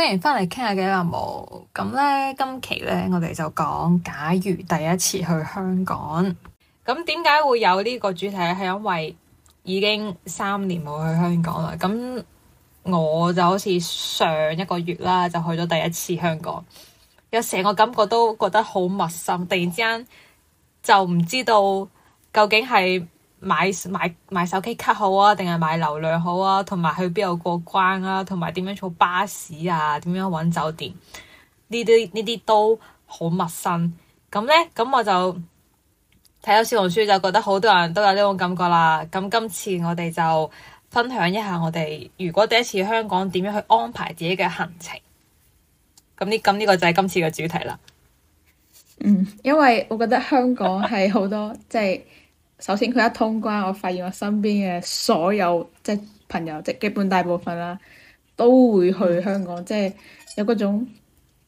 歡迎翻嚟傾下偈啦，冇咁咧。今期咧，我哋就講假如第一次去香港咁，點解會有呢個主題咧？係因為已經三年冇去香港啦。咁我就好似上一個月啦，就去咗第一次香港，有成個感覺都覺得好陌生。突然之間就唔知道究竟係。買買買手機卡好啊，定係買流量好啊？同埋去邊度過關啊？同埋點樣坐巴士啊？點樣揾酒店？呢啲呢啲都好陌生。咁呢，咁我就睇咗小紅書就覺得好多人都有呢種感覺啦。咁今次我哋就分享一下我哋如果第一次香港點樣去安排自己嘅行程。咁呢咁呢個就係今次嘅主題啦。嗯，因為我覺得香港係好多即係。 就是首先佢一通關，我發現我身邊嘅所有即係朋友，即係基本大部分啦，都會去香港，即係有嗰種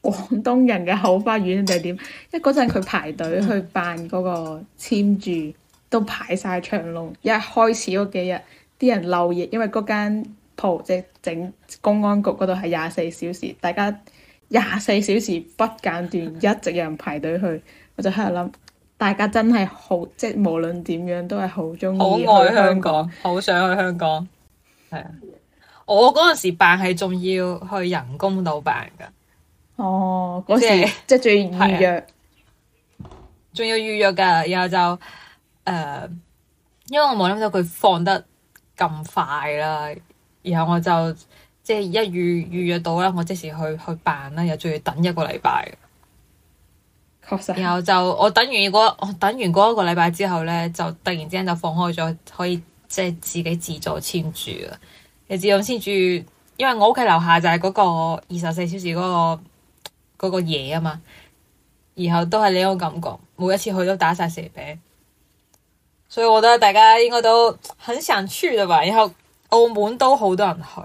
廣東人嘅後花園定係點？因為嗰陣佢排隊去辦嗰個簽注都排晒長龍，一開始嗰幾日啲人漏熱，因為嗰間鋪即整公安局嗰度係廿四小時，大家廿四小時不間斷一直有人排隊去，我就喺度諗。大家真係好，即係無論點樣都係好中意，好愛香港，好 想去香港。係啊，我嗰陣時辦係仲要去人工度辦噶。哦，嗰時就是，即係即係要預約，仲要預約噶。然後就誒、呃，因為我冇諗到佢放得咁快啦。然後我就即係一預預約到啦，我即時去去辦啦。又仲要等一個禮拜。實然後就我等完嗰，我等完嗰一個禮拜之後咧，就突然之間就放開咗，可以即係自己自助簽注。啊！你自助簽注，因為我屋企樓下就係嗰個二十四小時嗰個嗰個嘢啊嘛，然後都係呢種感覺，每一次去都打晒蛇餅，所以我覺得大家應該都很想去嘅吧。然後澳門都好多人去，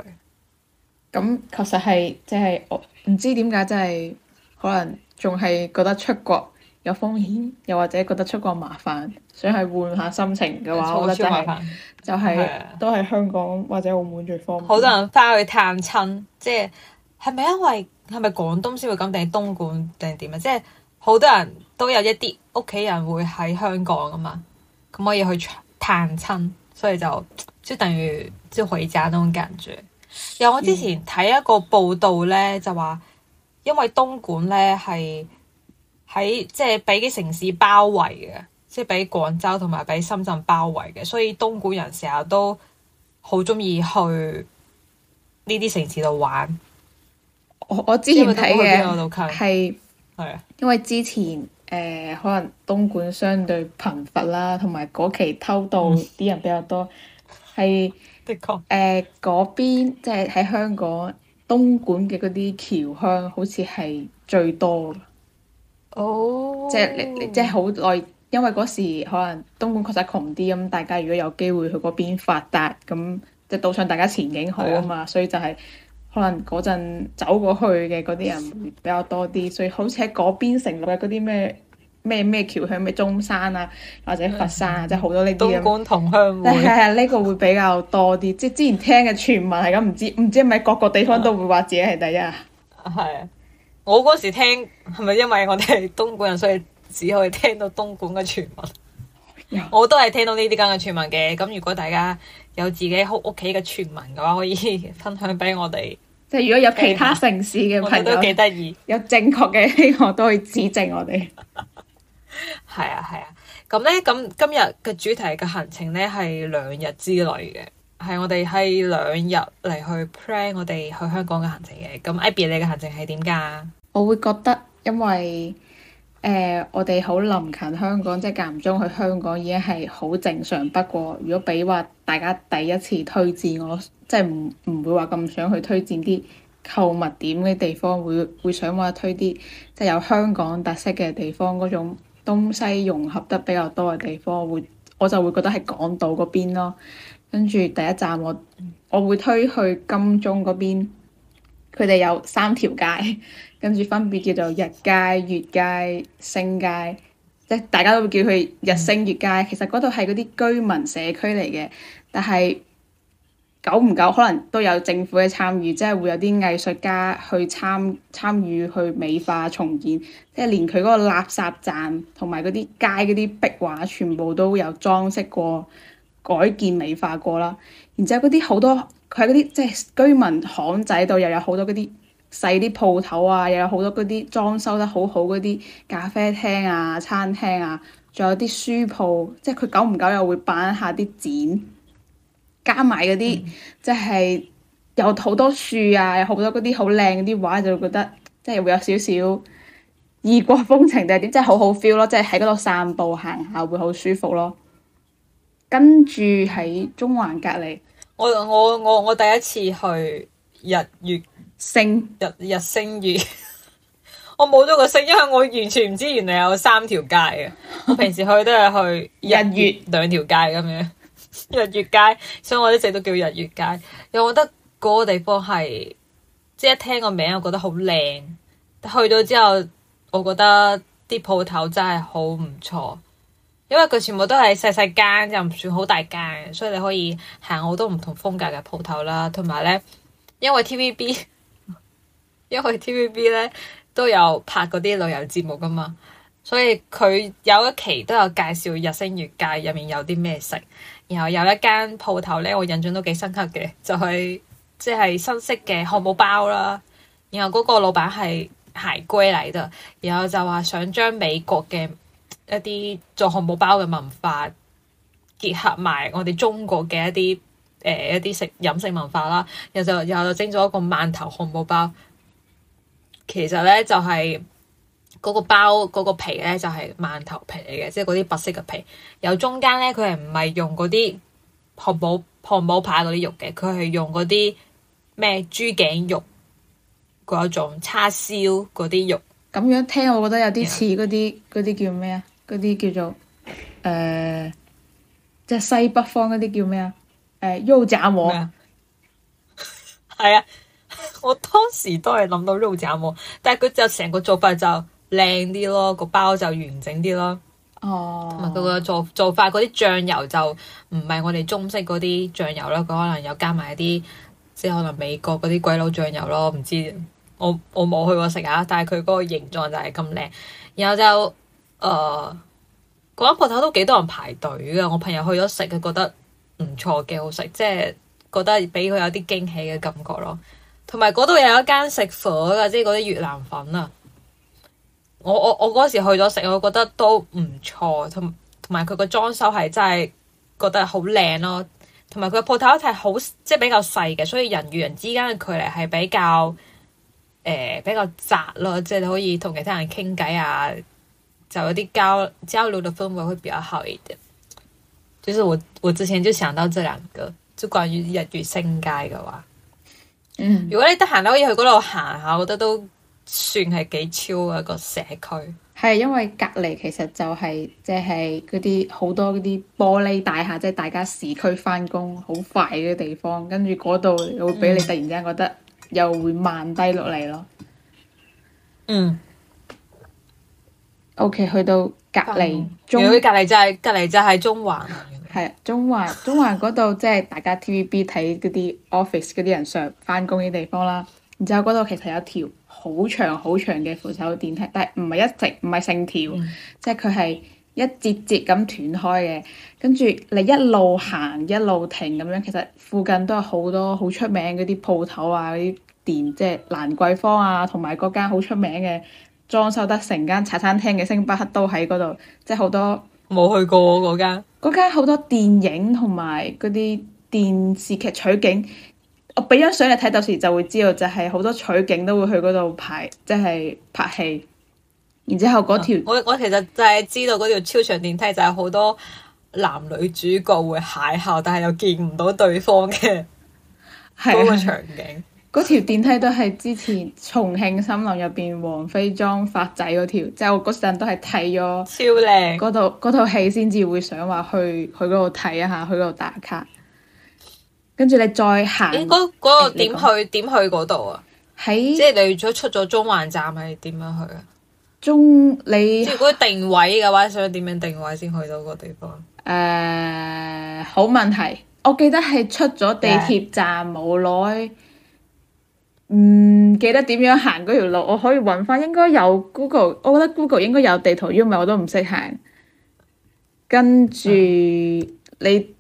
咁確實係即係我唔知點解，即係可能。仲係覺得出國有風險，又或者覺得出國麻煩，想係換下心情嘅話， 我覺得就係、係、麻都係香港或者澳門最方便。好多人翻去探親，即係係咪因為係咪廣東先會咁，定係東莞定係點啊？即係好多人都有一啲屋企人會喺香港啊嘛，咁可以去探親，所以就即係等於即係可以賺到間住。嗯、有我之前睇一個報道咧，就話，因為東莞咧係喺，即係俾啲城市包圍嘅，即係俾廣州同埋俾深圳包圍嘅，所以東莞人成日都好中意去呢啲城市度玩。我我之前睇嘅係係啊，因為，因為之前誒、呃、可能東莞相對貧乏啦，同埋嗰期偷渡啲人比較多，係 是的確誒嗰、呃、邊即係喺香港。東莞嘅嗰啲僑鄉好似係最多哦、oh.，即係即係好耐，因為嗰時可能東莞確實窮啲，咁大家如果有機會去嗰邊發達，咁即係到上大家前景好啊嘛，Yeah. 所以就係、是、可能嗰陣走過去嘅嗰啲人比較多啲，所以好似喺嗰邊成立嗰啲咩。咩咩橋響咩中山啊，或者佛山啊，即係好多呢啲。東莞同鄉會係啊，呢個會比較多啲。即係 之前聽嘅傳聞係咁，唔知唔知係咪各個地方都會話自己係第一啊？係啊，我嗰時聽係咪因為我哋係東莞人，所以只可以聽到東莞嘅傳聞。 我都係聽到呢啲咁嘅傳聞嘅。咁如果大家有自己屋屋企嘅傳聞嘅話，可以分享俾我哋。即係如果有其他城市嘅朋友 我都幾得意，有正確嘅呢，我都可以指正我哋。 係啊係啊，咁咧，咁今日嘅主題嘅行程咧係兩日之內嘅，係我哋係兩日嚟去 plan 我哋去香港嘅行程嘅。咁 Abbie 你嘅行程係點噶？我會覺得，因為誒、呃、我哋好臨近香港，即係間唔中去香港已經係好正常。不過如果俾話大家第一次推薦我，即係唔唔會話咁想去推薦啲購物點嘅地方，會會想話推啲即係有香港特色嘅地方嗰種。東西融合得比較多嘅地方，我會我就會覺得係港島嗰邊咯。跟住第一站我我會推去金鐘嗰邊，佢哋有三條街，跟住分別叫做日街、月街、星街，即大家都會叫佢日星月街。其實嗰度係嗰啲居民社區嚟嘅，但係，久唔久，可能都有政府嘅參與，即係會有啲藝術家去參參與去美化重建，即係連佢嗰個垃圾站同埋嗰啲街嗰啲壁畫，全部都有裝飾過、改建美化過啦。然之後嗰啲好多，佢喺嗰啲即係居民巷仔度，又有好多嗰啲細啲鋪頭啊，又有好多嗰啲裝修得好好嗰啲咖啡廳啊、餐廳啊，仲有啲書鋪。即係佢久唔久又會辦一下啲展。加埋嗰啲即係有好多樹啊，有好多嗰啲好靚啲畫，就覺得即係會有少少異國風情定係點，即係好好 feel 咯，即係喺嗰度散步行下會好舒服咯。跟住喺中環隔籬，我我我我第一次去日月星日日星月， 我冇咗個星，因為我完全唔知原來有三條街啊。 我平時去都係去日月兩條街咁樣。日月街，所以我一直都叫日月街。又我覺得嗰個地方係，即係一聽個名，我覺得好靚。去到之後，我覺得啲鋪頭真係好唔錯。因為佢全部都係細細間，又唔算好大間，所以你可以行好多唔同風格嘅鋪頭啦。同埋呢，因為 TVB， 因為 TVB 呢都有拍嗰啲旅遊節目噶嘛，所以佢有一期都有介紹日星月街入面有啲咩食。然後有一間鋪頭咧，我印象都幾深刻嘅，就係即係新式嘅漢堡包啦。然後嗰個老闆係鞋櫃嚟嘅，然後就話想將美國嘅一啲做漢堡包嘅文化結合埋我哋中國嘅一啲誒、呃、一啲食飲食文化啦。然後就然後就蒸咗一個饅頭漢堡包，其實咧就係、是。嗰個包嗰個皮咧就係饅頭皮嚟嘅，即係嗰啲白色嘅皮。有中間咧，佢係唔係用嗰啲漢堡漢堡扒嗰啲肉嘅？佢係用嗰啲咩豬頸肉嗰種叉燒嗰啲肉。咁樣聽，我覺得有啲似嗰啲嗰啲叫咩啊？嗰啲叫做誒、呃，即係西北方嗰啲叫咩啊？誒、呃、肉炸饃係什麼 啊！我當時都係諗到肉炸饃，但係佢就成個做法就～靚啲咯，個包就完整啲咯。哦、oh.，同埋佢個做做法，嗰啲醬油就唔係我哋中式嗰啲醬油啦，佢可能有加埋一啲即係可能美國嗰啲鬼佬醬油咯。唔知我我冇去過食啊，但係佢嗰個形狀就係咁靚。然後就誒嗰間鋪頭都幾多人排隊噶，我朋友去咗食，佢覺得唔錯，幾好食，即係覺得俾佢有啲驚喜嘅感覺咯。同埋嗰度有一間食火噶，即係嗰啲越南粉啊。我我我嗰時去咗食，我覺得都唔錯，同同埋佢個裝修係真係覺得好靚咯，同埋佢個鋪頭一齊好即係比較細嘅，所以人與人之間嘅距離係比較誒、呃、比較窄咯，即係你可以同其他人傾偈啊，就有啲交交流嘅氛圍會比較好一點。就是我我之前就想到這兩個，就關於日月星街嘅話，嗯，如果你得閒咧可以去嗰度行下，我覺得都。算係幾 chill 嘅一個社區，係因為隔離，其實就係即係嗰啲好多嗰啲玻璃大廈，即、就、係、是、大家市區翻工好快嘅地方，跟住嗰度會俾你突然之間覺得、嗯、又會慢低落嚟咯。嗯。O、okay, K，去到隔離、嗯、中，如隔離就係、是、隔離就係中環，係中環，中環嗰度即係大家 T V B 睇嗰啲 office 嗰啲人上翻工嘅地方啦，然之後嗰度其實有一條好長好長嘅扶手電梯，但係唔係一直唔係成條，嗯、即係佢係一節節咁斷開嘅。跟住你一路行一路停咁樣，其實附近都有好多好出名嗰啲鋪頭啊，嗰啲店，即係蘭桂坊啊，同埋嗰間好出名嘅裝修得成間茶餐廳嘅星巴克都喺嗰度，即係好多冇去過嗰間嗰間好多電影同埋嗰啲電視劇取景。我俾張相你睇，到時就會知道，就係好多取景都會去嗰度拍，即、就、係、是、拍戲。然之後嗰條、啊，我我其實就係知道嗰條超長電梯就係好多男女主角會邂逅，但係又見唔到對方嘅嗰 個場景。嗰條 電梯都係之前重慶森林入邊王菲裝發仔嗰條，就是、我嗰陣都係睇咗超靚美，嗰套嗰套戲先至會想話去去嗰度睇一下，去嗰度打卡。跟住你再行，嗰嗰、嗰個點去點說去嗰度啊？喺是即係你如果出咗中環站係點樣去啊？中你即係如果定位嘅話，想點樣定位先去到個地方？誒，uh, 好問題，我記得係出咗地鐵站，冇耐 Yeah.，唔、嗯、記得點樣行嗰條路，我可以搵翻。應該有 Google，我覺得 Google 應該有地圖，因為我都唔識行。跟住 Yeah. 你。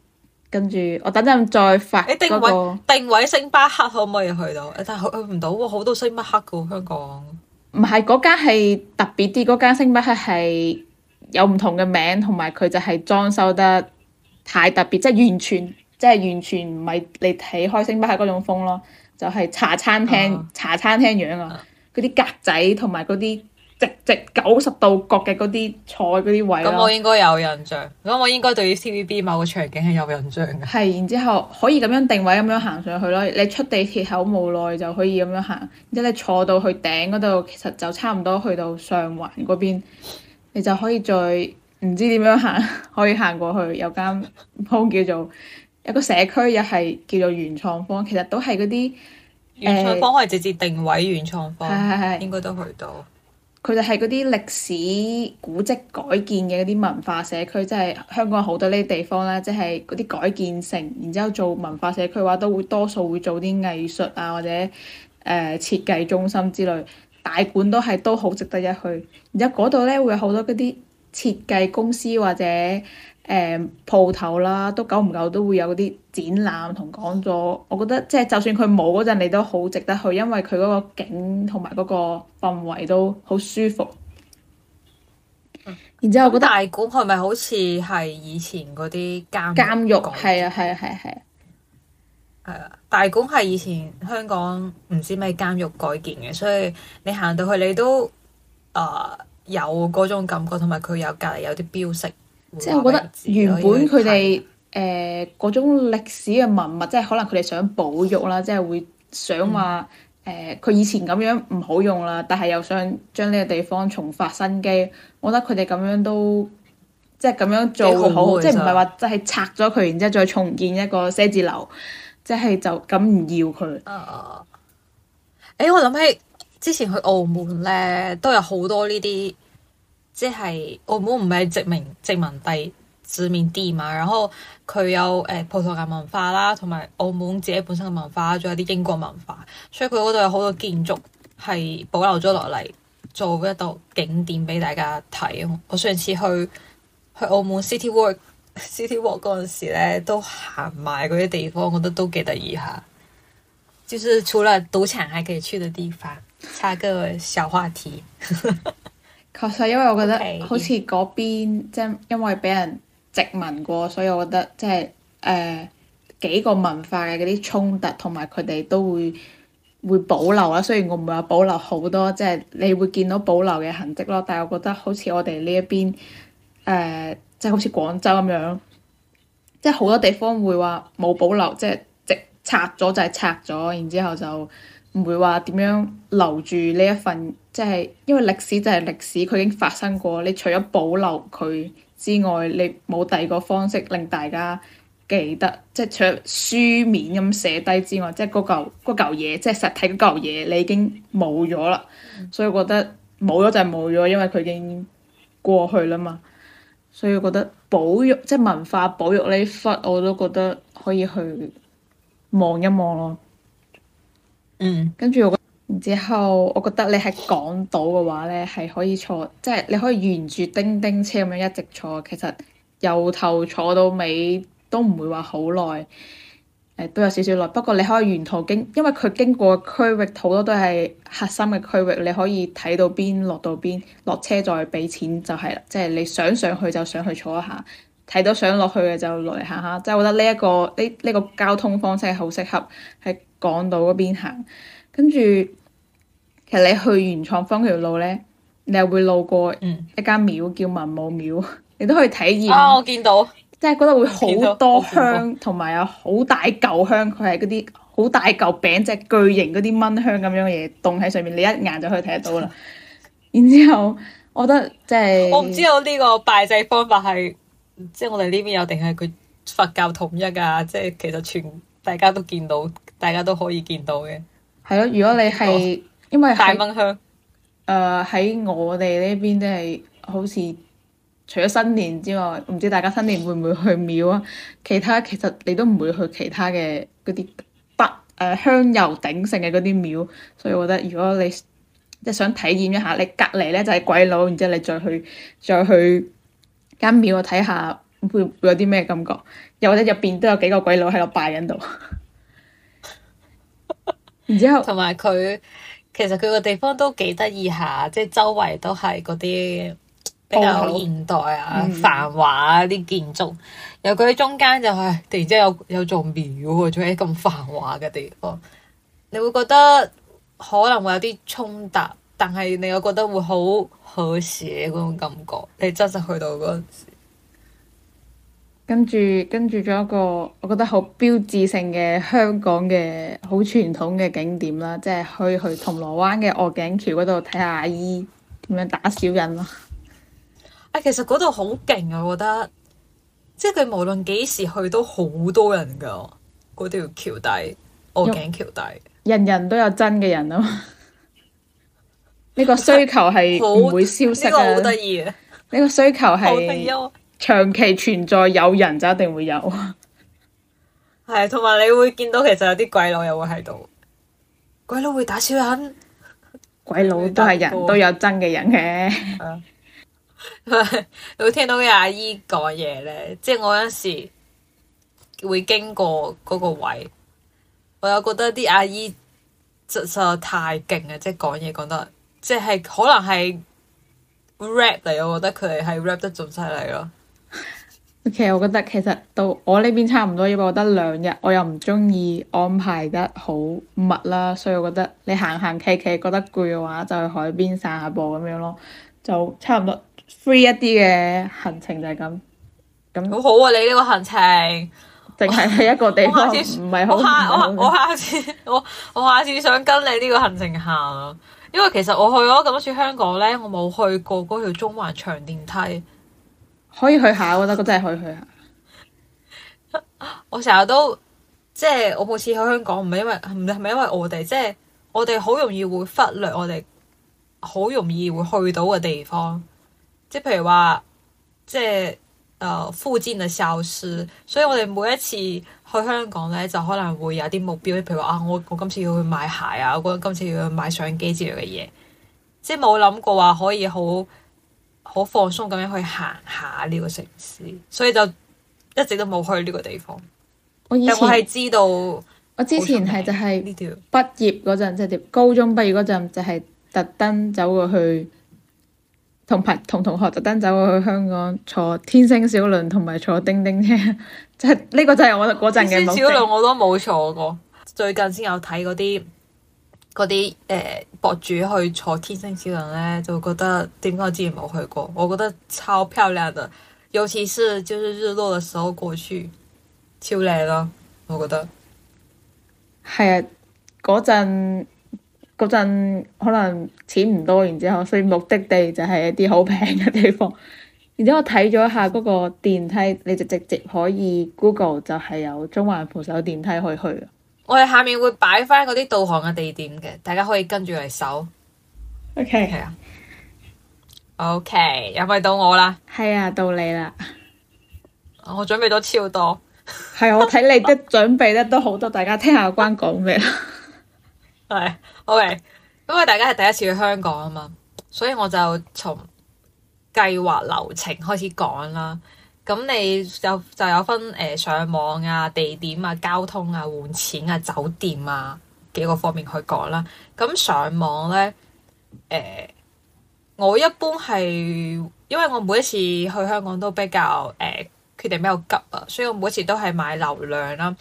跟住，我等陣再發嗰、那個、欸、定位定位星巴克可唔可以去到？但係去唔到喎，好、哦、多星巴克噶喎香港。唔係嗰間係特別啲，嗰間星巴克係有唔同嘅名，同埋佢就係裝修得太特別，即、就、係、是、完全，即、就、係、是、完全唔係你睇開星巴克嗰種風咯，就係、是、茶餐廳、啊、茶餐廳樣啊，嗰啲格仔同埋嗰啲。直九十度角嘅嗰啲坐嗰啲位，咁我應該有印象。咁我應該對於 CVB 某個場景係有印象嘅。係，然之後可以咁樣定位，咁樣行上去咯。你出地鐵口冇耐就可以咁樣行，然之後你坐到去頂嗰度，其實就差唔多去到上環嗰邊，你就可以再唔知點樣行，可以行過去有間鋪 叫做一個社區，又係叫做元創方，其實都係嗰啲元創方，可以直接定位元創方，係係係，應該都去到。佢哋係嗰啲歷史古蹟改建嘅嗰啲文化社區，即係香港好多呢啲地方啦，即係嗰啲改建成，然之後做文化社區嘅話，都會多數會做啲藝術啊或者誒設計中心之類，大館都係都好值得一去。然之後嗰度咧會有好多嗰啲設計公司或者。誒、嗯、鋪頭啦，都久唔久都會有嗰啲展覽同講座。我覺得即係就算佢冇嗰陣，你都好值得去，因為佢嗰個景同埋嗰個氛圍都好舒服。嗯、然之後個大館係咪好似係以前嗰啲監監獄？係啊係啊係啊，係啊，啊，啊，啊，大館係以前香港唔知咩監獄改建嘅，所以你行到去你都啊、呃、有嗰種感覺，同埋佢有隔籬有啲標識。即係我覺得原本佢哋誒嗰種歷史嘅文物，即係可能佢哋想保育啦，即係會想話誒佢以前咁樣唔好用啦，但係又想將呢個地方重發新機。我覺得佢哋咁樣都即係咁樣做會好，即係唔係話即係拆咗佢，然之後再重建一個寫字樓，即係、嗯、就咁唔要佢。誒、啊欸，我諗起之前去澳門咧，都有好多呢啲。即係澳門唔係殖民殖民地字面地嘛，然後佢有誒、呃、葡萄牙文化啦，同埋澳門自己本身嘅文化，仲有啲英國文化，所以佢嗰度有好多建築係保留咗落嚟做一度景點俾大家睇。我上次去去澳門 City Walk， City Walk City Walk 嗰陣時咧，都行埋嗰啲地方，我覺得都幾得意下。就是除了賭場還可以去嘅地方，插個小話題。 確實，因為我覺得 Okay. 好似嗰邊即係因為俾人殖民過，所以我覺得即係誒幾個文化嘅嗰啲衝突，同埋佢哋都會會保留啦。雖然我唔會話保留好多，即係你會見到保留嘅痕跡咯。但係我覺得好似我哋呢一邊誒，即係好似廣州咁樣，即係好多地方會話冇保留，即係即拆咗就係拆咗，然之後就唔會話點樣留住呢一份。即係因為歷史就係歷史，佢已經發生過。你除咗保留佢之外，你冇第二個方式令大家記得。即係除咗書面咁寫低之外，即係嗰嚿嗰嚿嘢，即係實體嗰嚿嘢，你已經冇咗啦。嗯、所以我覺得冇咗就係冇咗，因為佢已經過去啦嘛。所以我覺得保育即係文化保育呢一忽，我都覺得可以去望一望咯。嗯，跟住我覺得。然之後，我覺得你喺港島嘅話呢，係可以坐，即係你可以沿住叮叮車咁樣一直坐。其實由頭坐到尾都唔會話好耐，都有少少耐。不過你可以沿途經，因為佢經過嘅區域好多都係核心嘅區域，你可以睇到邊落到邊落車再俾錢就係、是、啦。即係你想上去就上去坐一下，睇到想落去嘅就落嚟行下。即係我覺得呢、這、一個呢呢、這個交通方式係好適合喺港島嗰邊行。跟住，其實你去元創方條路咧，你又會路過一間廟、嗯、叫文武廟，你都可以體驗啊。我見到即係覺得會好多香，同埋有好大嚿香。佢係嗰啲好大嚿餅，隻巨型嗰啲蚊香咁樣嘢，棟喺上面，你一眼就可以睇得到啦。 然之後，我覺得即係我唔知道呢個拜祭方法係即係我哋呢邊有定係佢佛教統一啊？即係其實全大家都見到，大家都可以見到嘅。係咯，如果你係因為大蚊香，誒喺、呃、我哋呢邊都係好似除咗新年之外，唔知大家新年會唔會去廟啊？其他其實你都唔會去其他嘅嗰啲北誒香油鼎盛嘅嗰啲廟，所以我覺得如果你即係想體驗一下，你隔籬咧就係鬼佬，然之後你再去再去間廟睇下會唔會有啲咩感覺？又或者入邊都有幾個鬼佬喺度拜緊度。同埋佢其實佢個地方都幾得意下，即係周圍都係嗰啲比較現代啊、繁華啲建築。然後佢喺中間就係、是、突然之間有有座廟喎，仲喺咁繁華嘅地方，你會覺得可能會有啲衝突，但係你又覺得會好和諧嗰種感覺。嗯、你真實去到嗰陣時跟住，跟住咗一個，我覺得好標誌性嘅香港嘅好傳統嘅景點啦，即係去去銅鑼灣嘅鵝頸橋嗰度睇下阿姨咁樣打小人咯。啊，其實嗰度好勁啊，我覺得，即係佢無論幾時去都好多人噶，嗰條橋底鵝頸橋底，底人人都有真嘅人啊嘛。呢 個需求係唔會消失 好得意呢個需求係。長期存在，有人就一定會有，係。同埋你會見到其實有啲鬼佬又會喺度，鬼佬會打小人，鬼佬都係人都有真嘅人嘅， 你會聽到啲阿姨講嘢咧，即係我有陣時會經過嗰個位，我又覺得啲阿姨實實在太勁啊！即係講嘢講得，即係可能係 rap 嚟，我覺得佢哋係 rap 得仲犀利咯。其實、okay，我覺得其實到我呢邊差唔多，因為我覺得兩日，我又唔中意安排得好密啦，所以我覺得你行行企企覺得攰嘅話，就去海邊散下步咁樣咯，就差唔多 free 一啲嘅行程就係咁咁。好好啊，你呢個行程淨係喺一個地方，唔係好我下我下次好我下次我，下次我下次想跟你呢個行程行，因為其實我去咗咁多次香港呢，我冇去過嗰條中環長電梯。可以去下，我覺得真係可以去下。 我成日都即係我每次去香港，唔係因為唔係因為我哋，即係我哋好容易會忽略，我哋好容易會去到嘅地方。即係譬如話，即係誒附近嘅消失。所以我哋每一次去香港咧，就可能會有啲目標，譬如話啊，我我今次要去買鞋啊，我覺得今次要去買相機之類嘅嘢，即係冇諗過話可以好。好放鬆咁樣去行下呢個城市，所以就一直都冇去呢個地方。我以前係知道，我之前係就係畢業嗰陣，即係高中畢業嗰陣，就係特登走過去同朋同同學特登走過去香港坐天星小輪同埋坐叮叮車，即係呢個就係我嗰陣嘅。小輪我都冇坐過，最近先有睇嗰啲。嗰啲誒博主去坐天星小輪咧，就覺得點解我之前冇去過，我覺得超漂亮的，尤其是就是日落的時候過去，超靚咯！我覺得係啊，嗰陣嗰陣可能錢唔多，然之後，所以目的地就係一啲好平嘅地方。然之後我睇咗一下嗰個電梯，你就直接可以 Google 就係有中環扶手電梯可以去我哋下面會擺翻嗰啲導航嘅地點嘅，大家可以跟住嚟搜。OK，係啊。OK，有咪到我啦。係啊，到你啦。我準備咗超多。係、啊、我睇你啲準備咧都好多， 大家聽下有關講咩啦。係、 啊、，OK。因為大家係第一次去香港啊嘛，所以我就從計劃流程開始講啦。咁你有就有分誒、呃、上網啊、地點啊、交通啊、換錢啊、酒店啊，幾個方面去講啦。咁上網呢，誒、呃，我一般係因為我每一次去香港都比較誒、呃、決定比較急啊，所以我每一次都係買流量啦。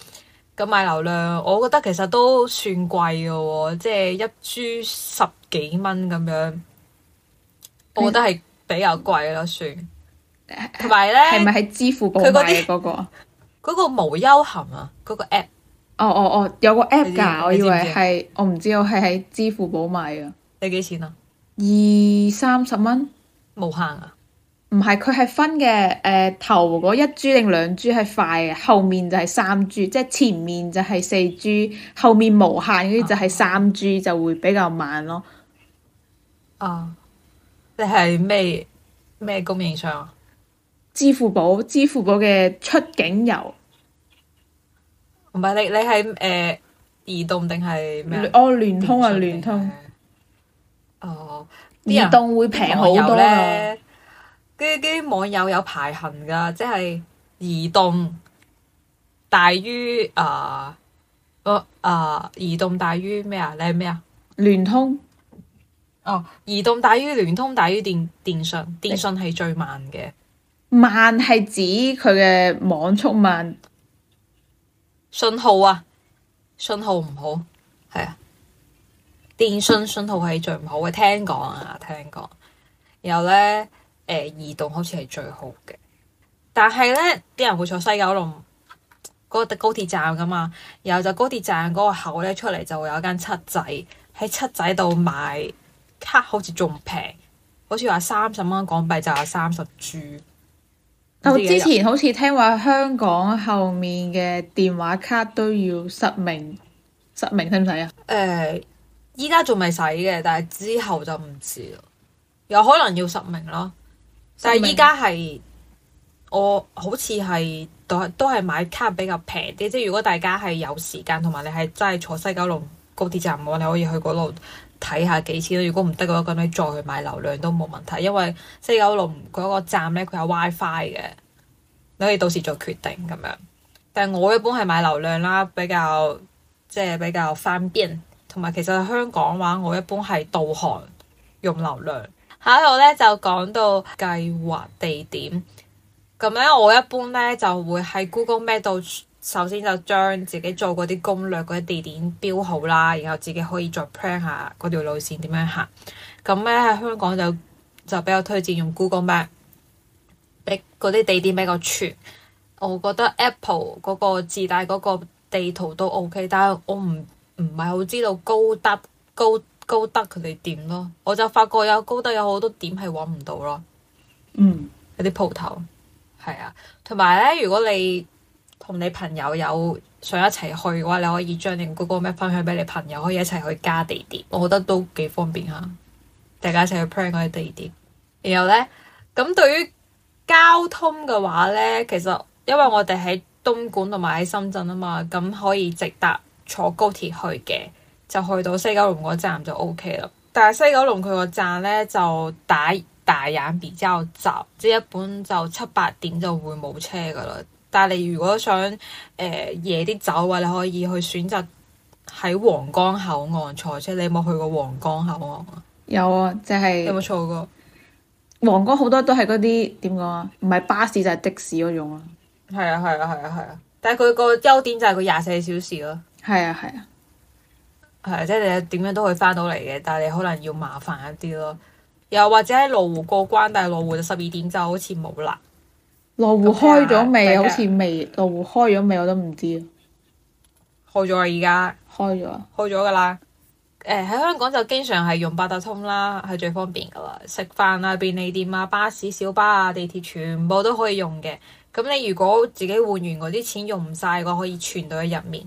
咁買流量，流量我覺得其實都算貴嘅喎、哦，即、就、係、是、一 G 十幾蚊咁樣，我覺得係比較貴咯，算。嗯同埋咧，係咪喺支付寶買嘅嗰、那個？嗰、那個無憂行啊，嗰、那個 app。哦哦哦，有個 app 噶，我以為係我唔知我係喺支付寶買噶。你幾錢啊？二三十蚊，無限啊？唔係，佢係分嘅。誒、呃，頭嗰一 G 定兩 G 係快嘅，後面就係三 G，即係前面就係四 G，後面無限嗰啲就係三 G、啊、就會比較慢咯。啊！你係咩咩供應商啊？支付寶，支付寶嘅出境遊，唔係你你係誒、呃、移動定係咩啊？哦，聯通啊，聯通，哦，啲移動會平好多啦。啲跟網，網友有排行噶，即係移動大於誒，我、呃、誒、呃呃，移動大於咩啊？你係咩啊？聯通，哦，移動大於聯通大於，大於電電信，電信係最慢嘅。慢係指佢嘅網速慢，信號啊，信號唔好，係啊，電信信號係最唔好嘅，聽講啊，聽講。然後咧，誒、呃，移動好似係最好嘅，但係咧，啲人會坐西九龍嗰個高鐵站㗎嘛，然後就高鐵站嗰個口咧出嚟就會有一間七仔，喺七仔度買卡好似仲平，好似話三十蚊港幣就有三十 G。我、哦、之前好似聽話香港後面嘅電話卡都要實名，實名使唔使啊？誒、呃，依家仲未使嘅，但係之後就唔知咯，有可能要實名咯。但係依家係我好似係都係都係買卡比較平啲，即係如果大家係有時間，同埋你係真係坐西九龍高鐵站，你可以去嗰度。睇下幾次啦，如果唔得嘅話，咁你再去買流量都冇問題，因為四九六嗰個站咧，佢有 WiFi 嘅，你可以到時再決定咁樣。但係我一般係買流量啦，比較即係、就是、比較方便，同埋其實香港話我一般係導航用流量。下一度咧就講到計劃地點，咁咧我一般咧就會喺 Google Map 度。首先就將自己做嗰啲攻略嗰啲地點標好啦，然後自己可以再 plan 下嗰條路線點樣行。咁咧喺香港就就比較推薦用 Google Map，比嗰啲地點比較全。我覺得 Apple 嗰個自帶嗰個地圖都 OK，但係我唔唔係好知道高德高高德佢哋點咯。我就發覺有高德有好多點係揾唔到咯。嗯，有啲鋪頭係啊，同埋咧如果你，同你朋友有想一齊去嘅話，你可以將你嗰個咩分享俾你朋友，可以一齊去加地點，我覺得都幾方便吓，大家一齊去 plan 嗰啲地點。然後呢，咁對於交通嘅話呢，其實因為我哋喺東莞同埋喺深圳啊嘛，咁可以直達坐高鐵去嘅，就去到西九龍嗰站就 OK 啦。但係西九龍佢個站呢，就大大眼，比較集，即係一般就七八點就會冇車噶啦。但係你如果想誒夜啲走嘅，你可以去選擇喺皇崗口岸坐車。你有冇去過皇崗口岸啊？有啊，即、就、係、是、有冇坐過？皇崗好多都係嗰啲點講啊，唔係巴士就係、是、的士嗰種咯。係 啊，係啊，係啊，係啊！但係佢個優點就係佢廿四小時咯。係啊，係啊，係即係你點樣都可以翻到嚟嘅。但係你可能要麻煩一啲咯。又或者喺羅湖過關，但係羅湖就十二點就好似冇啦。羅湖開咗未？的好似未。羅湖開咗未？我都唔知。開咗啊，而家。開咗。開咗噶啦。誒喺香港就經常係用八達通啦，係最方便噶啦。食飯啊、便利店啊、巴士、小巴啊、地鐵，全部都可以用嘅。咁你如果自己換完嗰啲錢用唔晒嘅話，可以存到喺入面。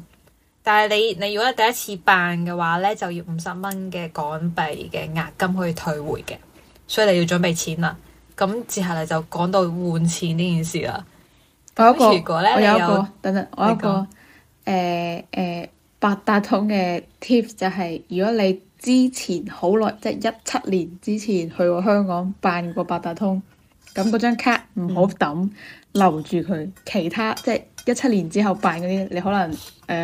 但係你你如果第一次辦嘅話咧，就要五十蚊嘅港幣嘅押金，可以退回嘅，所以你要準備錢啦。咁接下嚟就講到換錢呢件事啦。我有一個，我有個，有等等，我有一個，誒誒八達通嘅 tips 就係、是，如果你之前好耐，即係一七年之前去過香港辦過八達通，咁嗰張 card 唔好抌，嗯、留住佢。其他即係一七年之後辦嗰啲，你可能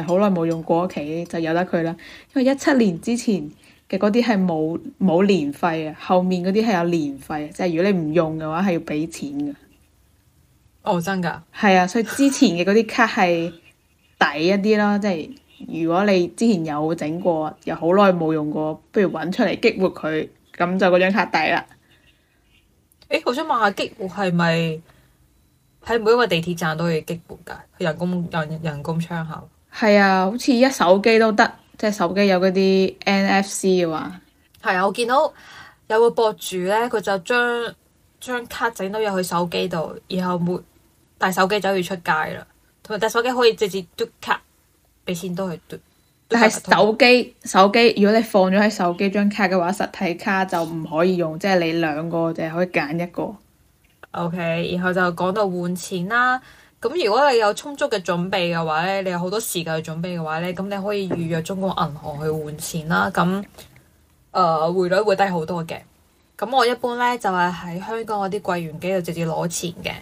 誒好耐冇用過期就由得佢啦。因為一七年之前。嗰啲係冇冇年費啊，後面嗰啲係有年費，即係如果你唔用嘅話係要俾錢嘅。哦，真噶？係啊，所以之前嘅嗰啲卡係抵一啲咯，即係 如果你之前有整過，又好耐冇用過，不如揾出嚟激活佢，咁就嗰張卡抵啦。誒、欸，我想問下，激活係咪喺每一個地鐵站都可以激活噶？人工人人工窗口？係啊，好似一手機都得。即係手機有嗰啲 NFC 嘅話，係啊，我見到有個博主咧，佢就將張卡整到入去手機度，然後沒帶手機就可以出街啦，同埋帶手機可以直接嘟卡俾錢，都係嘟，但係手機手機，如果你放咗喺手機張卡嘅話，實體卡就唔可以用， 即係你兩個就係可以揀一個。OK，然後就講到換錢啦。咁，如果你有充足嘅準備嘅話呢，你有好多時間去準備嘅話呢，咁你可以預約中國銀行去換錢啦。咁，誒、呃、匯率會低好多嘅。咁我一般呢就係、是、喺香港嗰啲櫃員機度直接攞錢嘅。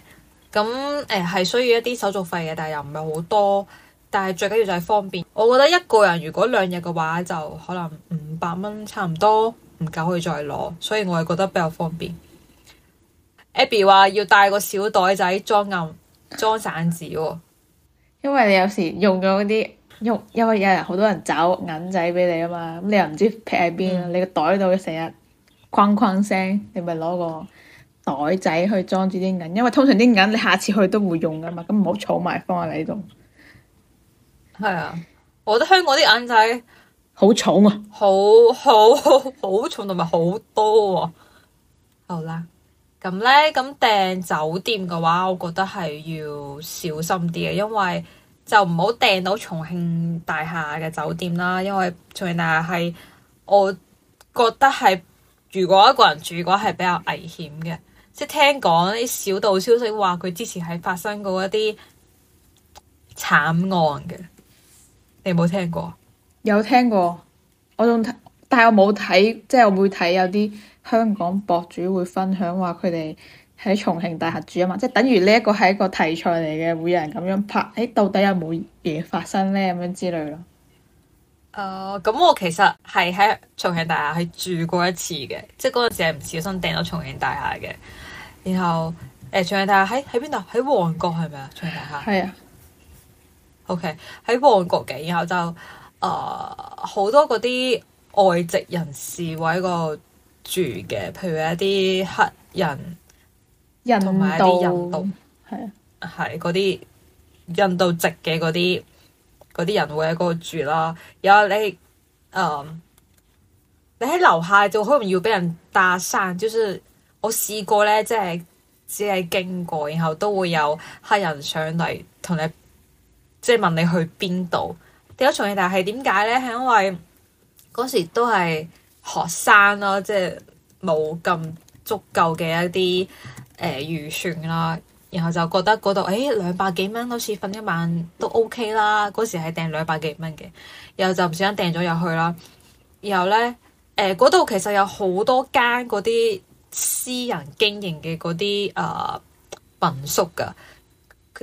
咁誒係需要一啲手續費嘅，但係又唔係好多。但係最緊要就係方便。我覺得一個人如果兩日嘅話，就可能五百蚊差唔多，唔夠可以再攞。所以我係覺得比較方便。Abby 話要帶個小袋仔裝暗。裝散紙喎，因為你有時用咗嗰啲，用，因為有人好多人找銀仔俾你啊嘛，咁你又唔知劈喺邊，你個袋度成日框框聲，你咪攞個袋仔去裝住啲銀，因為通常啲銀你下次去都會用噶嘛，咁唔好儲埋放喺你度。係啊，我覺得香港啲銀仔好重啊，好好好，好重，同埋好多啊，好啦。咁咧，咁訂酒店嘅話，我覺得係要小心啲嘅，因為就唔好訂到重慶大廈嘅酒店啦。因為重慶大廈係我覺得係如果一個人住嘅話，係比較危險嘅。即係聽講啲小道消息話，佢之前係發生過一啲慘案嘅。你有冇聽過？有聽過。我仲睇，但係我冇睇，即係我會睇有啲。香港博主會分享話佢哋喺重慶大廈住啊嘛，即係等於呢一個係一個題材嚟嘅，會有人咁樣拍誒、欸，到底有冇嘢發生呢？」咁樣之類咯。啊、呃，咁我其實係喺重慶大廈係住過一次嘅，即係嗰陣時係唔小心訂咗重慶大廈嘅。然後誒、呃，重慶大廈喺喺邊度？喺旺角係咪啊？重慶大廈係啊。OK，喺旺角嘅，然後就誒好、呃、多嗰啲外籍人士或者個。住嘅，譬如一啲黑人，同埋一啲印度，係啊，係嗰啲印度籍嘅嗰啲嗰啲人會喺嗰度住啦。有後你，誒、呃，你喺樓下就好容易俾人搭訕，就係、是、我試過咧，即係只係經過，然後都會有黑人上嚟同你，即係問你去邊度。點解？重慶但係點解咧？係因為嗰時都係。學生咯，即係冇咁足夠嘅一啲誒預算啦，然後就覺得嗰度誒兩百幾蚊好似瞓一晚都 OK 啦，嗰時係訂兩百幾蚊嘅，然後就唔小心訂咗入去啦。然後咧誒嗰度其實有好多間嗰啲私人經營嘅嗰啲誒民宿噶，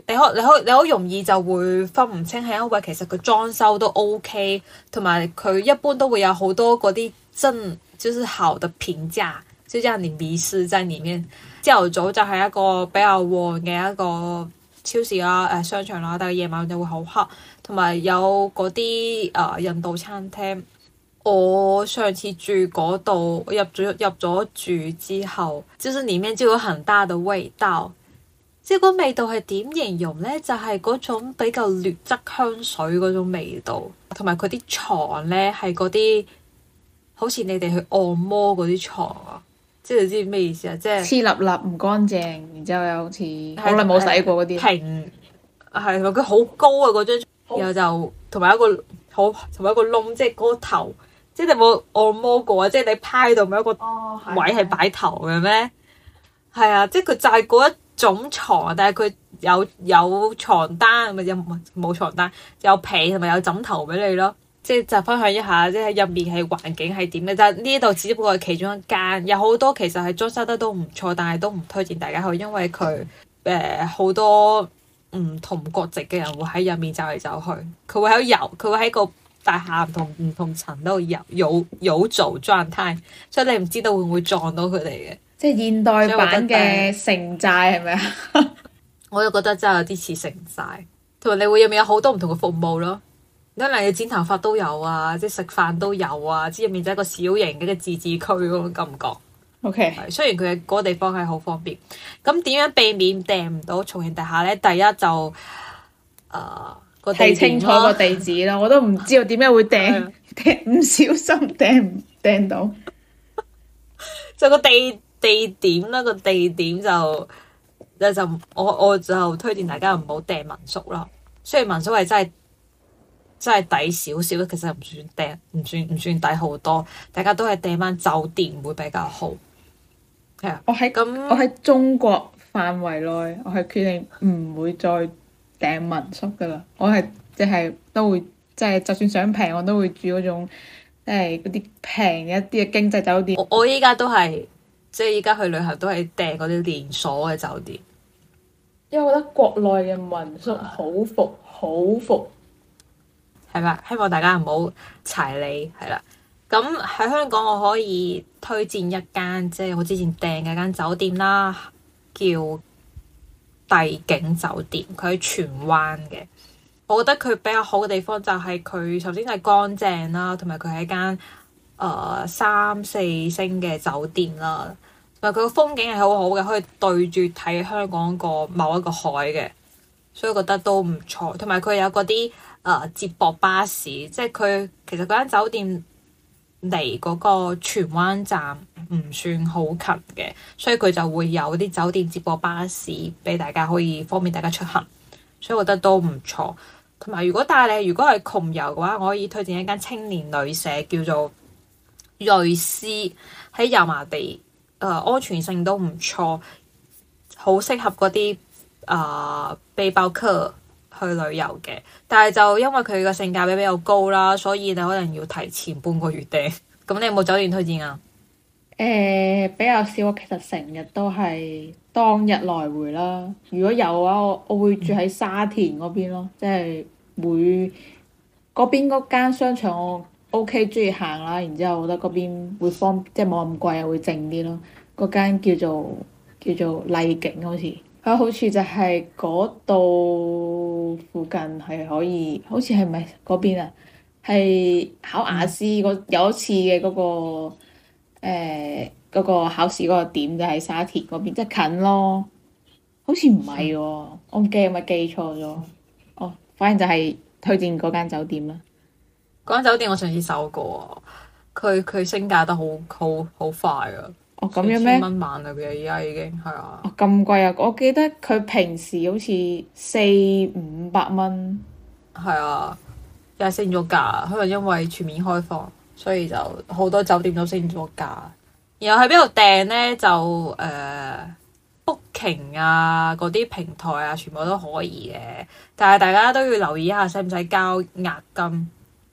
你可你可你好容易就會分唔清係因為其實佢裝修都 OK，同埋佢一般都會有好多嗰啲。真，就是好的評價，就讓你迷失在裏面。朝頭早就係一個比較旺嘅一個超市啦、啊、誒、呃、商場啦、啊，但係夜晚就會好黑，同埋有嗰啲誒印度餐廳。我上次住嗰度我入咗入咗住之後，就是裏面就有很大的味道。即係個味道係點形容呢？就係、是、嗰種比較劣質香水嗰種味道，同埋佢啲床呢係嗰啲。好似你哋去按摩嗰啲床啊，即係你知咩意思啊？即係黐立立唔乾淨，然之後又好似可能冇洗過啲。平係佢好高啊，嗰張床，然後就同埋一個好同埋一個窿，即係個頭，即係你冇按摩過啊？即係你趴喺度咪一個位係擺頭嘅咩？係啊、哦，即係佢就係嗰一種床，但係佢有有床單，咪又冇床單，有被同埋有枕頭俾你咯。即係就分享一下，即係入面係環境係點嘅。就係呢度只不過係其中一間，有好多其實係裝修得都唔錯，但係都唔推薦大家去，因為佢誒好多唔同國籍嘅人會喺入面走嚟走去，佢會喺度遊，佢會喺個大廈唔同唔同層度遊遊遊做狀態，所以你唔知道會唔會撞到佢哋嘅。即係現代版嘅城寨係咪啊？我就覺、嗯、 覺得真係有啲似城寨，同埋你會入面有好多唔同嘅服務咯。睇嚟剪頭髮都有啊，即係食飯都有啊，即入面就一個小型嘅一自治區嗰感覺。O Okay . K，雖然佢嘅個地方係好方便，咁點樣避免訂唔到重慶大廈咧？第一就誒，呃、個地，清楚個地址啦，我都唔知道點解會訂訂唔小心訂唔訂到。 就個地地點啦，個地點就就就我我就推薦大家唔好訂民宿咯，雖然民宿係真係。真係抵少少，其實唔算訂，唔算唔算抵好多。大家都係訂翻酒店會比較好。係啊，我喺咁，我喺中國範圍內，我係決定唔會再訂民宿噶啦。我係即係都會，即係就算想平，我都會住嗰種即係啲平一啲嘅經濟酒店。我我依家都係即係依家去旅行都係訂嗰啲連鎖嘅酒店，因為我覺得國內嘅民宿好服好服。係啦，希望大家唔好踩你，係啦。咁喺香港我可以推薦一間，即係我之前訂嘅間酒店啦，叫帝景酒店，佢喺荃灣嘅。我覺得佢比較好嘅地方就係佢首先係乾淨啦，同埋佢係一間誒三四星嘅酒店啦，同埋佢個風景係好好嘅，可以對住睇香港個某一個海嘅，所以我覺得都唔錯。同埋佢有嗰啲。呃，接駁巴士，即係佢其實嗰間酒店離嗰個荃灣站唔算好近嘅，所以佢就會有啲酒店接駁巴士俾大家可以方便大家出行，所以我覺得都唔錯。同埋如果帶你，如果係窮遊嘅話，我可以推薦一間青年旅社叫做瑞思喺油麻地，呃，安全性都唔錯，好適合嗰啲誒背包客。去旅遊嘅，但係就因為佢個性價比比較高啦，所以你可能要提前半個月訂。咁 你有冇酒店推薦啊？誒、呃，比較少我。其實成日都係當日來回啦。如果有嘅、啊、話，我我會住喺沙田嗰邊咯，嗯、即係會嗰邊嗰間商場我 OK，鍾意行啦。然之後，我覺得嗰邊會方，即係冇咁貴，又會靜啲咯。嗰間叫做叫做麗景好，好似佢好似就係嗰度。附近係可以，好似係咪嗰邊啊？係考雅思個有一次嘅嗰、個誒，嗰、呃個考試嗰個點就喺、係、沙田嗰邊，即係近咯。好似唔係喎，我唔記，係咪記錯咗？哦，反正就係推薦嗰間酒店啦。嗰間酒店我上次搜過，佢佢升價得好好好快啊！哦咁樣咩？三千蚊一晚啊！佢而家已經係啊！哦咁貴啊！我記得佢平時好似四五百蚊，係啊，嗯，而家升咗價。可能因為全面開放，所以就好多酒店都升咗價，嗯。 然後喺邊度訂咧？就誒，呃、Booking 啊，嗰啲平台啊，全部都可以嘅。但係大家都要留意一下，使唔使交押金？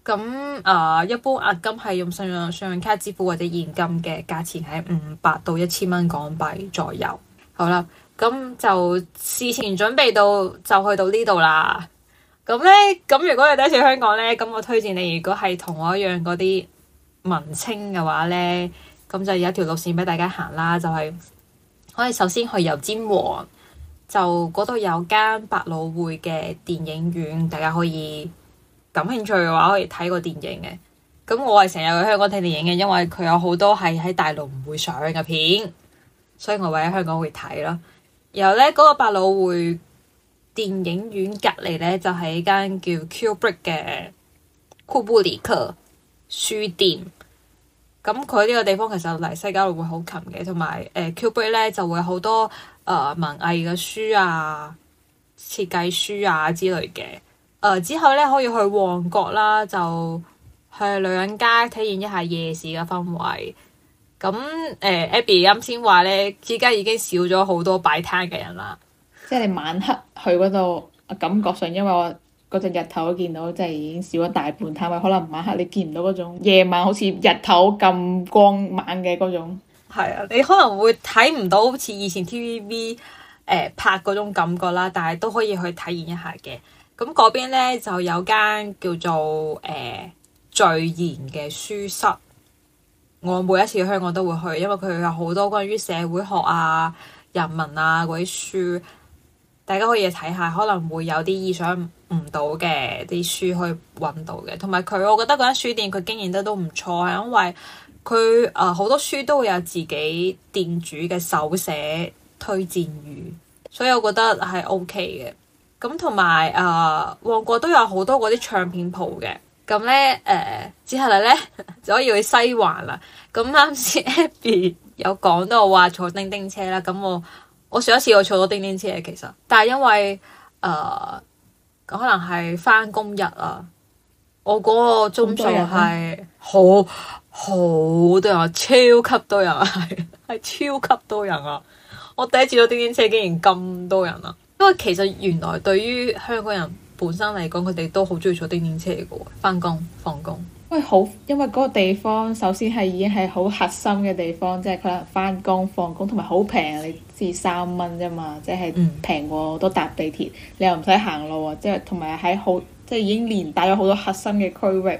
咁啊，一般押金係用信用卡支付或者現金嘅，價錢喺五百到一千蚊港幣左右。好啦，咁就事前準備到就去到呢度啦。咁呢，咁如果你第一次香港呢，咁我推薦你，如果係同我一樣嗰啲文青嘅話呢，咁就有一條路線俾大家行啦，就係、是、可以首先去油尖旺，就嗰度有間百老匯嘅電影院，大家可以。感興趣嘅話可以睇個電影嘅，咁我係成日去香港睇電影嘅，因為佢有好多係喺大陸唔會上嘅片，所以我會喺香港會睇咯。然後咧、嗰、那個百老匯電影院隔籬咧，就係、是、一間叫 Kubrick 嘅庫布里克書店。咁佢呢個地方其實嚟西九路會好近嘅，同埋誒 Kubrick 咧就會好多誒、呃、文藝嘅書啊、設計書啊之類嘅。誒、呃、之後咧，可以去旺角啦，就去女人街體驗一下夜市嘅氛圍。咁、嗯、誒、呃、Abby 啱先話咧，依家已經少咗好多擺攤嘅人啦。即係你晚黑去嗰度，我感覺上因為我嗰陣日頭都見到，即係已經少咗大半攤啦。可能晚黑你見唔到嗰種夜晚好似日頭咁光猛嘅嗰種。係啊，你可能會睇唔到好似以前 TVB 誒、呃、拍嗰種感覺啦，但係都可以去體驗一下嘅。咁嗰邊咧，就有間叫做誒序言嘅書室，我每一次去香港都會去，因為佢有好多關於社會學啊、人文啊嗰啲書，大家可以睇下，可能會有啲意想唔到嘅啲書可以揾到嘅。同埋佢，我覺得嗰間書店佢經營得都唔錯，係因為佢誒好多書都會有自己店主嘅手寫推薦語，所以我覺得係 O K 嘅。咁同埋啊，旺角、呃、都有好多嗰啲唱片鋪嘅。咁咧，誒、呃、之後嚟咧 就可以去西環啦。咁啱先，Abbie 有講到話坐叮叮車啦。咁我我上一次我坐咗叮叮車嘅，其實，但係因為誒、呃，可能係返工日啊，我嗰個鐘數係好好多人，超級多人，係係超級多人啊！我第一次坐到叮叮車，竟然咁多人啊！不過其實原來對於香港人本身嚟講，佢哋都好中意坐叮叮車嘅，翻工放工。喂，好，因為嗰個地方首先係已經係好核心嘅地方，即係可能翻工放工，同埋好平啊，你至三蚊啫嘛，即係平過都搭地鐵，你又唔使行路啊，即係同埋喺好即係已經連帶咗好多核心嘅區域，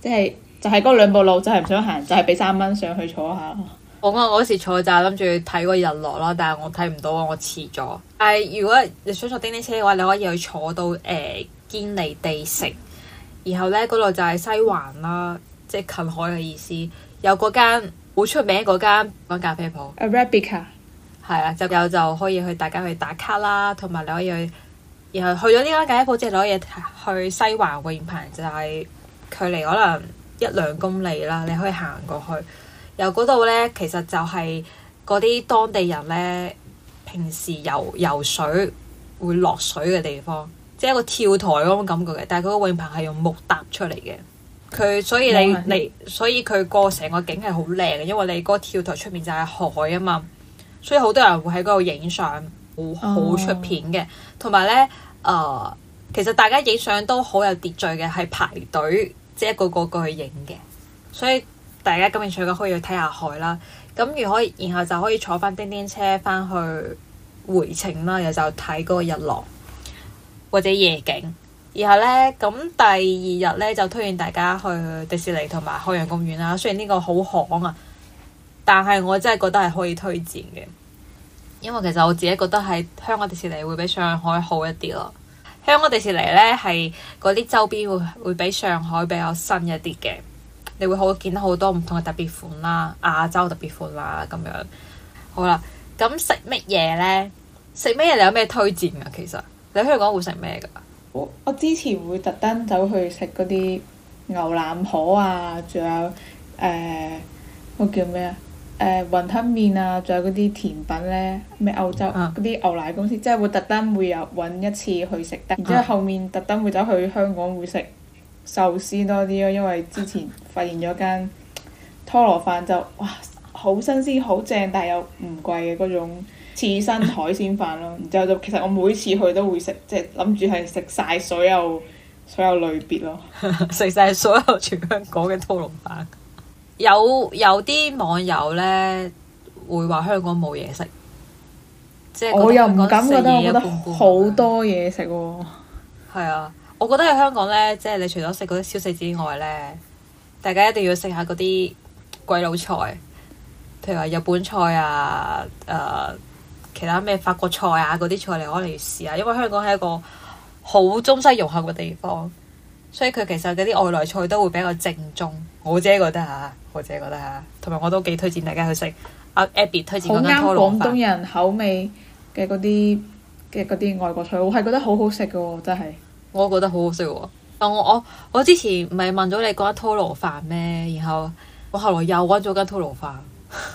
即係就係、是、嗰兩步路就，就係唔想行，就係俾三蚊上去坐下。我我嗰時坐就諗住睇個日落啦，但係我睇唔到啊，我遲咗。但如果你想坐叮叮車嘅話，你可以去坐到誒、呃、堅尼地城，然後咧嗰度就係西環啦，即係近海嘅意思。有嗰間好出名嗰間咖啡鋪，Arabica。係啊，就有就可以去大家去打卡啦，同埋你可以去，然後去咗呢間咖啡鋪之後攞嘢去西環泳棚，就係、是、距離可能一兩公里啦，你可以行過去。由嗰度咧，其實就係嗰啲當地人咧，平時游游水會落水嘅地方，即係一個跳台嗰種感覺嘅。但係佢個泳棚係用木搭出嚟嘅，佢所以你 Yes. 你所以佢個成個景係好靚嘅，因為你嗰個跳台出面就係海啊嘛，所以好多人會喺嗰度影相，好出片嘅。同埋咧，誒、呃，其實大家影相都好有秩序嘅，係排隊，即係一個一個過去影嘅，所以。大家感興趣嘅可以去睇下海啦，咁如果可以，然後就可以坐翻叮叮車翻去回程啦，又就睇嗰個日落或者夜景。然後呢，咁第二日呢，就推薦大家去迪士尼同埋海洋公園啦。雖然呢個好行啊，但係我真係覺得係可以推薦嘅，因為其實我自己覺得喺香港迪士尼會比上海好一啲咯。香港迪士尼呢，係嗰啲周邊會會比上海比較新一啲嘅。你會好見到好多唔同嘅特別款啦，亞洲特別款啦咁樣。好啦，咁食乜嘢呢？食乜嘢你有咩推薦啊？其實你香港講會食咩噶？我之前會特登走去食嗰啲牛腩河啊，仲有誒嗰、呃、叫咩、呃、啊？誒雲吞麵啊，仲有嗰啲甜品呢？咩澳洲嗰啲牛奶公司，嗯、即係會特登會有揾一次去食得。然之後後面特登會走去香港會食。壽司多啲咯，因為之前發現咗間拖羅飯，就哇好新鮮好正，但係又唔貴嘅嗰種刺身海鮮飯咯。然之後就其實我每次去都會食，即係諗住係食晒所有所有類別咯，食晒 所有全香港嘅拖羅飯。有有啲網友呢會話香港冇嘢食，即係我又唔敢覺得，我覺得好多嘢食喎。係 啊。我覺得喺香港呢，即係你除咗食嗰啲小食之外呢，大家一定要食下嗰啲鬼佬菜，譬如話日本菜啊、誒、呃、其他咩法國菜啊嗰啲菜嚟，可以嚟試下。因為香港係一個好中西融合嘅地方，所以佢其實嗰啲外來菜都會比較正宗。我姐覺得嚇，我姐覺得嚇，同埋我都幾推薦大家去食阿 Abbie 推薦嗰間拖龍飯。啱廣東人口味嘅嗰啲嘅嗰啲外國菜，我係覺得好好食嘅喎，真係。我覺得好好食喎！我我我之前唔係問咗你講拖羅飯咩？然後我後來又揾咗間拖羅飯，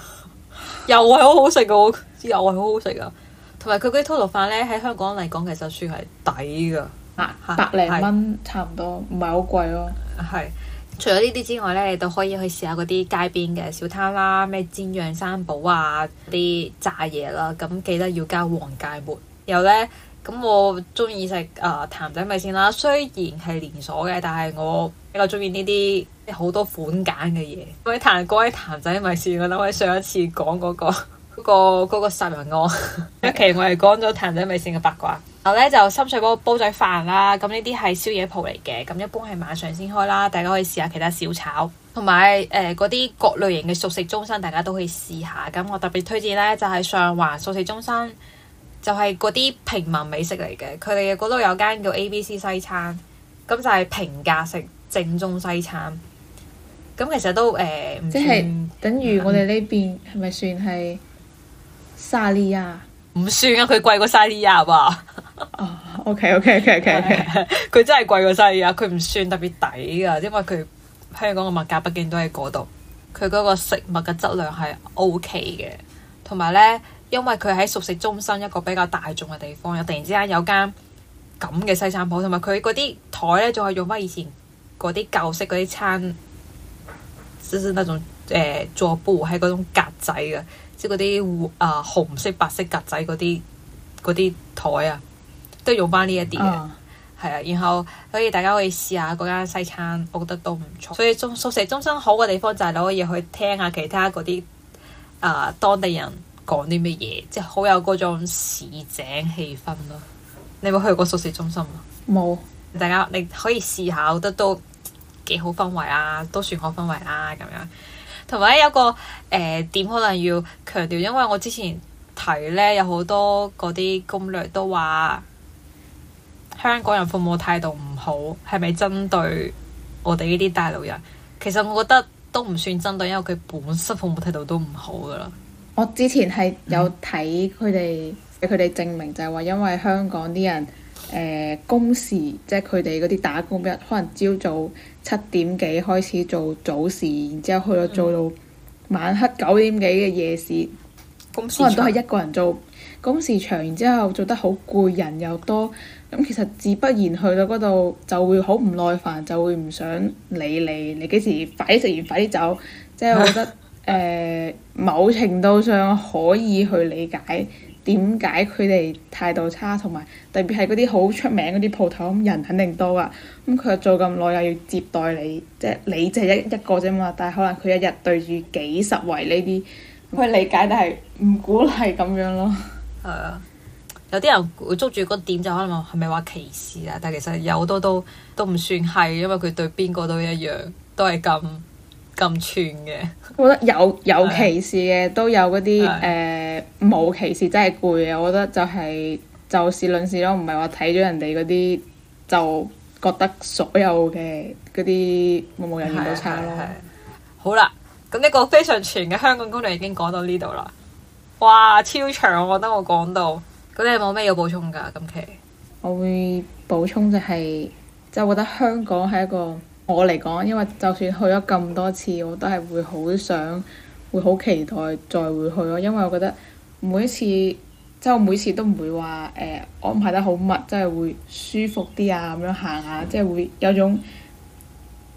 又係好好食噶，又係好好食啊！同埋佢嗰啲拖羅飯呢，喺香港嚟講其實算係抵噶，百零蚊是差唔多，唔係好貴咯，啊。係。除咗呢啲之外呢，你都可以去試下嗰啲街邊嘅小攤啦，咩煎釀三寶啊啲炸嘢啦，咁記得要加黃芥末。又呢。咁我鍾意食啊譚仔米線啦，雖然係連鎖嘅，但係我比較鍾意呢啲好多款揀嘅嘢。喂，譚哥係譚仔米線，我諗起上一次講嗰、嗰個嗰、 嗰個嗰、嗰個殺人案一期、 okay, 我係講咗譚仔米線嘅八卦， 然後咧就深水埗煲，煲仔飯啦，咁呢啲係宵夜鋪嚟嘅，咁一般係晚上先開啦，大家可以試下其他小炒，同埋誒嗰啲各類型嘅熟食中心，大家都可以試下。咁我特別推薦咧就係、係、上環熟食中心。就係嗰啲平民美食嚟嘅，佢哋嗰度有間叫 A B C 西餐，咁就係平價食正宗西餐。咁其實都誒，呃、即係等於我哋呢邊係咪、嗯、算係沙利亞？唔算啊，佢貴過沙利亞喎。哦、 oh，OK OK OK OK，佢、okay. Yeah. 真係貴過沙利亞，佢唔算特別抵噶，因為佢香港嘅物價畢竟都喺嗰度。佢嗰個食物嘅質量係 OK 嘅，同埋呢。因為佢喺熟食中心一個比較大眾嘅地方，又突然之間有間咁嘅西餐鋪，同埋佢嗰啲台咧仲係用翻以前嗰啲舊式嗰啲餐，即係嗰種誒、呃、座布係嗰種格仔嘅，即係嗰啲啊紅色白色格仔嗰啲嗰啲台啊，都用翻呢一啲嘅。係啊、嗯，然後所以大家可以試下嗰間西餐，我覺得都唔錯。嗯、所以，從熟食中心好嘅地方就係你可以去聽下其他嗰啲啊當地人。講啲咩嘢，即係好有嗰種市井氣氛咯。你有冇去過熟食中心啊？冇沒，大家你可以試下，我覺得都幾好氛圍啊，都算好氛圍啊。咁樣，同埋有個誒、呃、點可能要強調，因為我之前睇呢，有好多嗰啲攻略都話香港人服務態度唔好，係咪針對我哋呢啲大陸人？其實我覺得都唔算針對，因為佢本身服務態度都唔好噶啦。我之前係有睇佢哋俾佢哋證明，就係話因為香港啲人誒、工時，即係佢哋嗰啲打工，譬如可能朝早七點幾開始做早市，然之後去到做到晚黑九點幾嘅夜市，嗯、可能都係一個人做工時長，然之後做得好攰，人又多，咁其實自不然去到嗰度就會好唔耐煩，就會唔想理你，你幾時快啲食完快啲走，即係我覺得。啊。誒、呃，某程度上可以去理解點解佢哋態度差，同埋特別係嗰啲好出名嗰啲鋪頭，咁人肯定多啊。咁佢又做咁耐又要接待你，即、就、係、是、你就係一一個啫嘛。但係可能佢一日對住幾十圍呢啲，可以理解，但係唔鼓勵咁樣咯。係啊，有啲人會捉住嗰點就可能係咪話歧視啊？但係其實有好多都都唔算係，因為佢對邊個都一樣，都係咁。咁串嘅，我覺得有有歧視嘅，對 都有嗰啲誒冇歧視真係攰嘅。我覺得就係、是、就事論事咯，唔係話睇咗人哋嗰啲就覺得所有嘅嗰啲冇冇人緣都差咯。好啦，咁呢個非常全嘅香港攻略已經講到呢度啦。哇，超長，我覺得我講到，咁你有冇咩要補充噶？今期我會補充就係、是，即係覺得香港係一個。我嚟講，因為就算去咗咁多次，我都係會好想，會好期待再會去咯。因為我覺得每次，即係我每次都唔會話誒、呃、安排得好密，即係會舒服啲啊！咁樣行下，即係會有種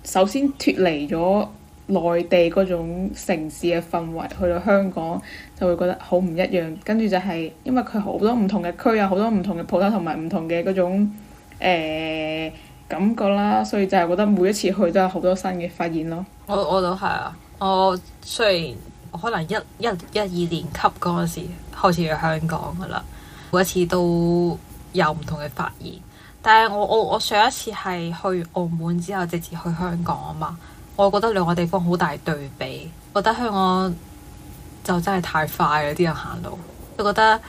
首先脫離咗內地嗰種城市嘅氛圍，去到香港就會覺得好唔一樣。跟住就係因為佢好多唔同嘅區啊，好多唔同嘅鋪頭同埋唔同嘅嗰種、呃感覺啦，所以就係覺得每一次去都有好多新嘅發現咯。我我都係啊，我雖然可能一一一一二年級嗰陣時開始去香港噶啦，每一次都有唔同嘅發現。但係我我我上一次係去澳門之後直接去香港啊嘛，我覺得兩個地方好大對比。覺得香港就真係太快啦，啲人行路，都覺得，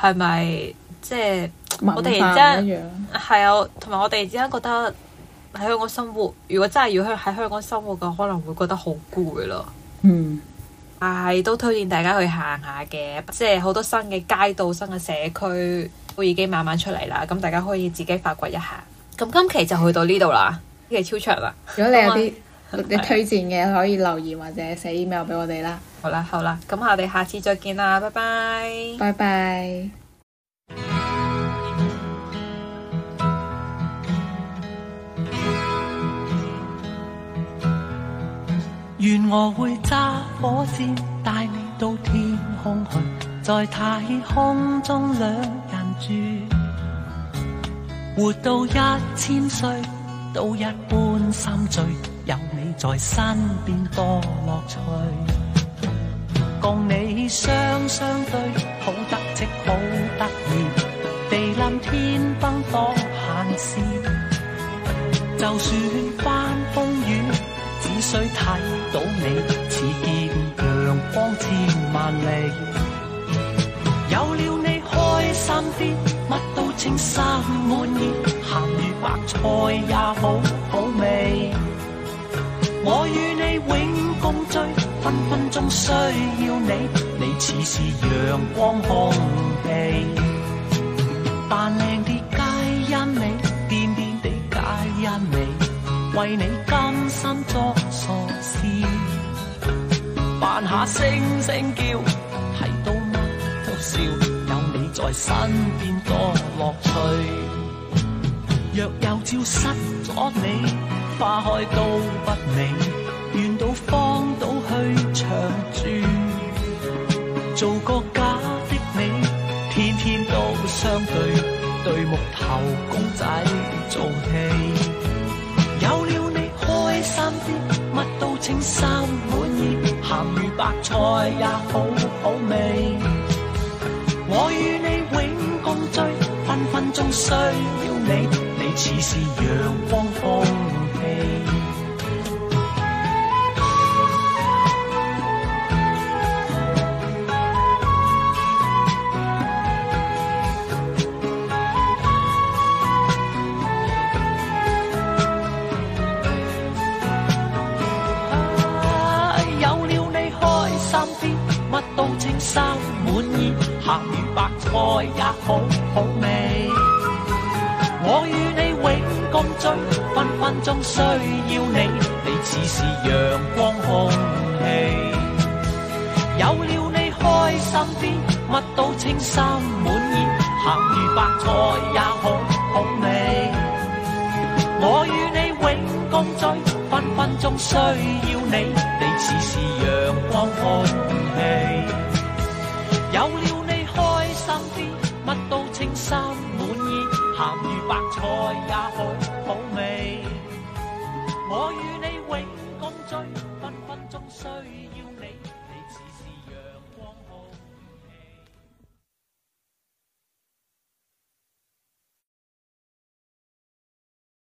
係咪、嗯？是即係，文化 我突然之間係啊，同埋我突然之間覺得喺香港生活，如果真係要去喺香港生活嘅，可能會覺得好攰咯。嗯，但都推薦大家去行下嘅，即係好多新嘅街道、新嘅社區都已經慢慢出嚟啦。咁大家可以自己發掘一下。咁今期就去到呢度啦，呢期超長啦。如果你有啲 你推薦嘅，可以留言或者寫 email 俾我哋 啦。好啦，好啦，咁我哋下次再見啦，拜拜，拜拜。願我會揸火箭，帶你到天空去，在太空中兩人住，活到一千歲都一般心醉，有你在身邊多樂趣，共你雙雙對，好得戚好得意，地冧天崩當閒事，就算翻風。最睇到你，似見陽光千萬里。有了你，開心啲，乜都稱心滿意，鹹魚白菜也好好味。我與你永共聚，分分鐘需要你，你似是陽光空氣，扮靚啲皆因你，掂掂地皆因你。為你甘心作傻事，扮下猩猩叫，睇到乜都笑。有你在身邊多樂趣。若有朝失咗你，花開都不美。願到荒島去長住，做個假的你，天天都相對，對木頭公仔做戲。乜都稱心滿意，鹹魚白菜也好好味。我與你永共聚，分分鐘需要你，你似是陽光空氣。心滿意，鹹魚白菜也好好味。我與你永共聚，分分鐘需要你，你似是陽光空氣。有了你開心啲，乜都稱心滿意，鹹魚白菜也好好味。我與你永共聚，分分鐘需要你，你似是陽光空氣。有了你，開心啲，乜都稱心滿意，鹹魚白菜也好好味。我